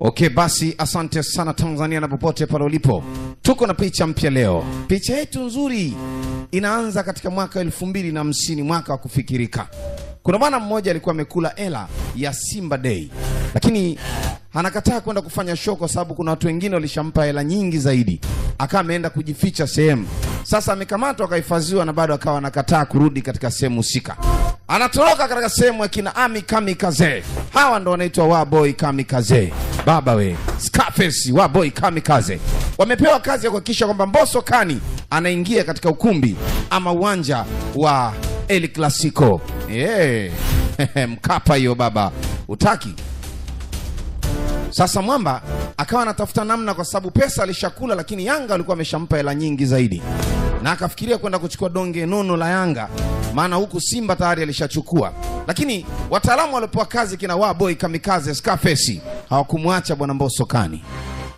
Okay, basi asante sana Tanzania na popote pale ulipo, tuko na picha mpya leo. Picha yetu nzuri inaanza katika mwaka elfu mbili na hamsini, mwaka wa kufikirika. Kuna bwana mmoja alikuwa amekula ela ya Simba Day, lakini anakataa kwenda kufanya show kwa sababu kuna watu wengine walishampa hela nyingi zaidi, akawa ameenda kujificha sehemu. Sasa amekamatwa akahifadhiwa, na bado akawa anakataa kurudi katika sehemu husika. Anatoroka katika sehemu ya kina Ami Kamikaze, hawa ndo wanaitwa Waboi Kamikaze. Baba we Scarface wa boy kamikaze wamepewa kazi ya kuhakikisha kwamba mboso Kani anaingia katika ukumbi ama uwanja wa El Clasico. Yeah. Mkapa hiyo baba utaki. Sasa mwamba akawa anatafuta namna, kwa sababu pesa alishakula, lakini Yanga alikuwa ameshampa hela nyingi zaidi, na akafikiria kwenda kuchukua donge nono la Yanga, maana huku Simba tayari alishachukua. Lakini wataalamu waliopewa kazi kina Waboy Kamikaze Scarface hawakumwacha bwana Mbosso kani.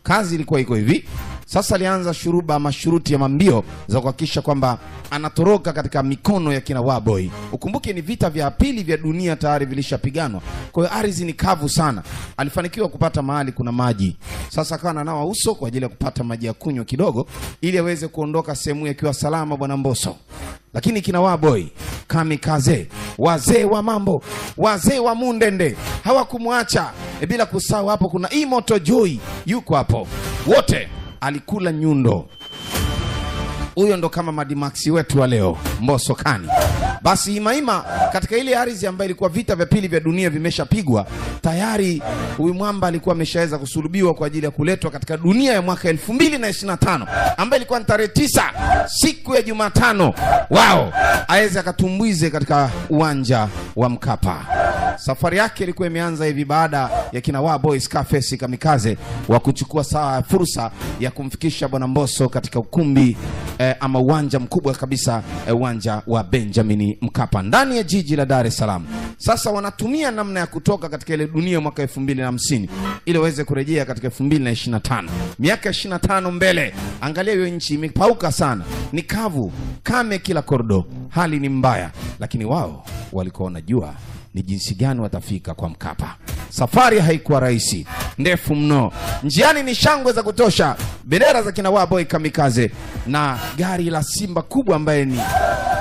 Kazi ilikuwa iko hivi sasa, alianza shuruba mashuruti ya mambio za kuhakikisha kwamba anatoroka katika mikono ya kina Waboi. Ukumbuke ni vita vya pili vya dunia tayari vilishapiganwa, kwa hiyo ardhi ni kavu sana. Alifanikiwa kupata mahali kuna maji, sasa akawa ananawa uso kwa ajili ya kupata maji ya kunywa kidogo, ili aweze kuondoka sehemu hiyo akiwa salama, bwana mboso Lakini kina Waboi kamikaze, wazee wa mambo, wazee wa Mundende hawakumwacha. E, bila kusahau hapo kuna Imoto Joy yuko hapo, wote alikula nyundo. Huyo ndo kama Madimax wetu wa leo Mbosokani. Basi Imaima katika ile ardhi ambayo ilikuwa vita vya pili vya dunia vimeshapigwa tayari, huyu mwamba alikuwa ameshaweza kusulubiwa kwa ajili ya kuletwa katika dunia ya mwaka 2025 ambayo ilikuwa ni tarehe 9 Jumatano wao aweze akatumbuize katika uwanja wa Mkapa. Safari yake ilikuwa imeanza hivi baada ya kina Wa Boys Kafesi Kamikaze wa kuchukua saa fursa ya kumfikisha Bwana Mbosso katika ukumbi eh, ama uwanja mkubwa kabisa eh, uwanja wa Benjamin Mkapa ndani ya jiji la Dar es Salaam. Sasa wanatumia namna ya kutoka katika ile dunia mwaka 2050 ili waweze kurejea katika 2025, miaka 25 mbele. Angalia hiyo nchi imepauka sana, ni kavu, kame kila kordo, hali ni mbaya, lakini wao walikuwa wanajua ni jinsi gani watafika kwa Mkapa. Safari haikuwa rahisi, ndefu mno. Njiani ni shangwe za kutosha, bendera za kina Waboy Kamikaze na gari la simba kubwa ambaye ni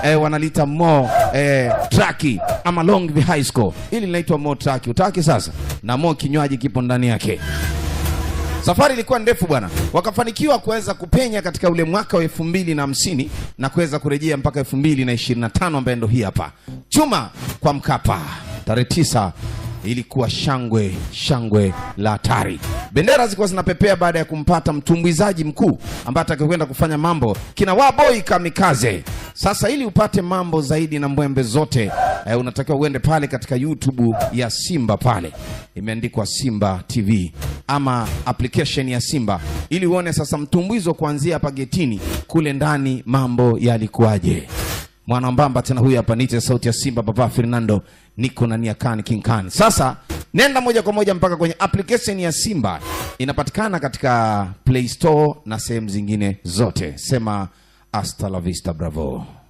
eh, wanalita Mo eh, Traki ama Long Beach High School. ili linaitwa Mo Traki. Utaki sasa? Na Mo kinywaji kipo ndani yake. Safari ilikuwa ndefu bwana, wakafanikiwa kuweza kupenya katika ule mwaka wa elfu mbili na hamsini na kuweza kurejea mpaka elfu mbili na ishirini na tano ambaye ndo hii hapa chuma kwa Mkapa tarehe tisa. Ilikuwa shangwe shangwe la hatari, bendera zilikuwa zinapepea baada ya kumpata mtumbwizaji mkuu ambaye atakakwenda kufanya mambo kina Waboi Kamikaze. Sasa ili upate mambo zaidi na mbwembe zote eh, unatakiwa uende pale katika YouTube ya Simba pale imeandikwa Simba TV ama application ya Simba ili uone sasa mtumbwizo kuanzia hapa getini kule ndani mambo yalikuwaje. mbamba tena huyu hapa niite sauti ya Simba Papa Fernando niko na Niakan King Khan. Sasa nenda moja kwa moja mpaka kwenye application ya Simba inapatikana katika Play Store na sehemu zingine zote. Sema Hasta la vista, bravo.